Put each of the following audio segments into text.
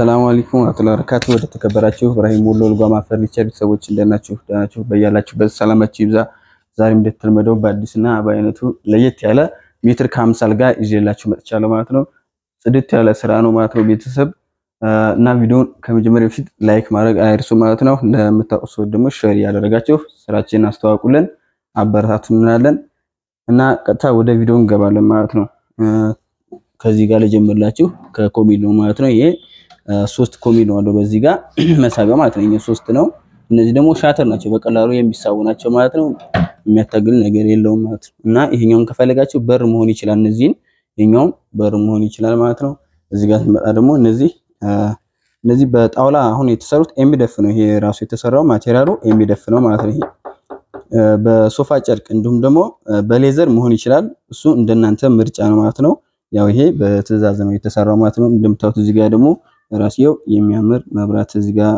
ሰላም አለይኩም ወራህመቱላሂ ወበረካቱ። ወደ ተከበራችሁ ኢብራሂም ወሎ ልጓማ ፈርኒቸር ቤተሰቦች እንደናችሁ ዳናችሁ በያላችሁበት ሰላማችሁ ይብዛ። ዛሬ እንደተለመደው በአዲስና በአይነቱ ለየት ያለ ሜትር ከ50 አልጋ ይዤላችሁ መጥቻለሁ ማለት ነው። ጽድት ያለ ስራ ነው ማለት ነው ቤተሰብ እና ቪዲዮን ከመጀመሪያ በፊት ላይክ ማድረግ አይርሱ ማለት ነው። ለምታውቁ ሰዎች ደግሞ ሼር ያደረጋችሁ ስራችንን አስተዋውቁልን፣ አበረታቱን እንላለን እና ቀጥታ ወደ ቪዲዮ እንገባለን ማለት ነው። ከዚህ ጋር ልጀምርላችሁ ከኮሚል ነው ማለት ነው ይሄ ሶስት ኮሚ ነው አለው በዚህ ጋር መሳቢያ ማለት ነው። ይሄ ሶስት ነው። እነዚህ ደግሞ ሻተር ናቸው፣ በቀላሉ የሚሳቡ ናቸው ማለት ነው። የሚያታግል ነገር የለውም ማለት ነው። እና ይሄኛውን ከፈለጋቸው በር መሆን ይችላል። እነዚህን ይሄኛውም በር መሆን ይችላል ማለት ነው። እዚህ ጋር ስንመጣ ደግሞ እነዚህ እነዚህ በጣውላ አሁን የተሰሩት ኤምደፍ ነው። ይሄ ራሱ የተሰራው ማቴሪያሉ ኤምደፍ ነው ማለት ነው። ይሄ በሶፋ ጨርቅ እንዲሁም ደግሞ በሌዘር መሆን ይችላል። እሱ እንደናንተ ምርጫ ነው ማለት ነው። ያው ይሄ በትዕዛዝ ነው የተሰራው ማለት ነው። እንደምታዩት እዚህ ጋር ደግሞ ራስየው የሚያምር መብራት እዚህ ጋር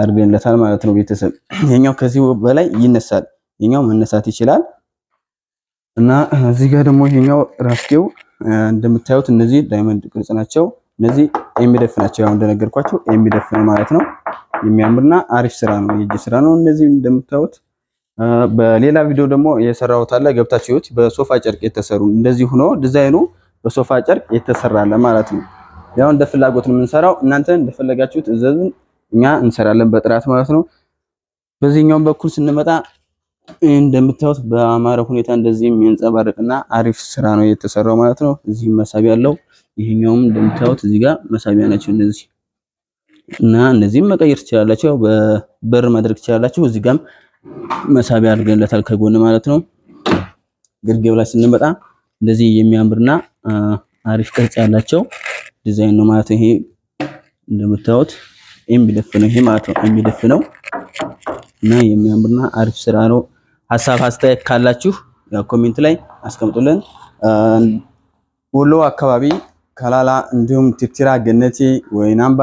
አድርገንለታል ማለት ነው ቤተሰብ። የኛው ከዚህ በላይ ይነሳል፣ የኛው መነሳት ይችላል እና እዚህ ጋር ደግሞ ይሄኛው ራስጌው እንደምታዩት እነዚህ ዳይመንድ ቅርጽ ናቸው። እነዚህ የሚደፍ ናቸው፣ ያው እንደነገርኳቸው የሚደፍ ነው ማለት ነው። የሚያምርና አሪፍ ስራ ነው፣ የእጅ ስራ ነው። እነዚህ እንደምታዩት በሌላ ቪዲዮ ደግሞ የሰራሁት አለ፣ ገብታችሁት፣ በሶፋ ጨርቅ የተሰሩ እንደዚህ ሆኖ ዲዛይኑ በሶፋ ጨርቅ የተሰራ አለ ማለት ነው። ያው እንደ ፍላጎት ነው የምንሰራው። እናንተ እንደፈለጋችሁት እዘዝን፣ እኛ እንሰራለን በጥራት ማለት ነው። በዚህኛውም በኩል ስንመጣ እንደምታዩት በአማረ ሁኔታ እንደዚህ የሚያንጸባርቅና አሪፍ ስራ ነው የተሰራው ማለት ነው። እዚህ መሳቢያ አለው። ይሄኛውም እንደምታዩት እዚህ ጋር መሳቢያ ናቸው እነዚህ እና እነዚህም መቀየር ትችላላችሁ፣ በበር ማድረግ ትችላላችሁ። እዚህ ጋርም መሳቢያ አድርገንለታል ከጎን ማለት ነው። ግርጌው ላይ ስንመጣ እንደዚህ የሚያምርና አሪፍ ቅርጽ ያላቸው ዲዛይን ነው ማለት ይሄ እንደምታዩት የሚደፍ ነው ይሄ ማለት ነው የሚደፍ ነው እና የሚያምርና አሪፍ ስራ ነው። ሀሳብ አስተያየት ካላችሁ ኮሜንት ላይ አስቀምጡልን። ወሎ አካባቢ ከላላ እንዲሁም ቲርቲራ፣ ገነቴ፣ ወይናምባ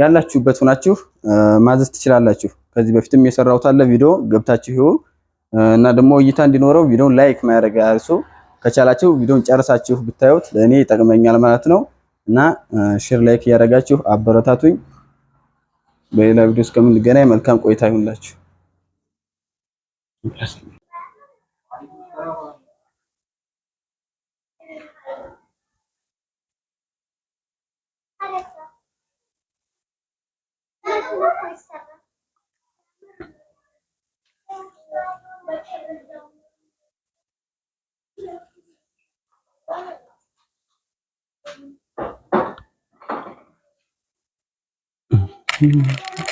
ያላችሁበት ሆናችሁ ማዘዝ ትችላላችሁ። ከዚህ በፊትም የሰራሁት አለ ቪዲዮ ገብታችሁ ይሁ እና ደግሞ እይታ እንዲኖረው ቪዲዮን ላይክ ማድረግ አርሱ። ከቻላችሁ ቪዲዮን ጨርሳችሁ ብታዩት ለእኔ ይጠቅመኛል ማለት ነው። እና ሼር ላይክ እያደረጋችሁ አበረታቱኝ። በሌላ ቪዲዮ እስከምንገናኝ መልካም ቆይታ ይሁንላችሁ። 嗯。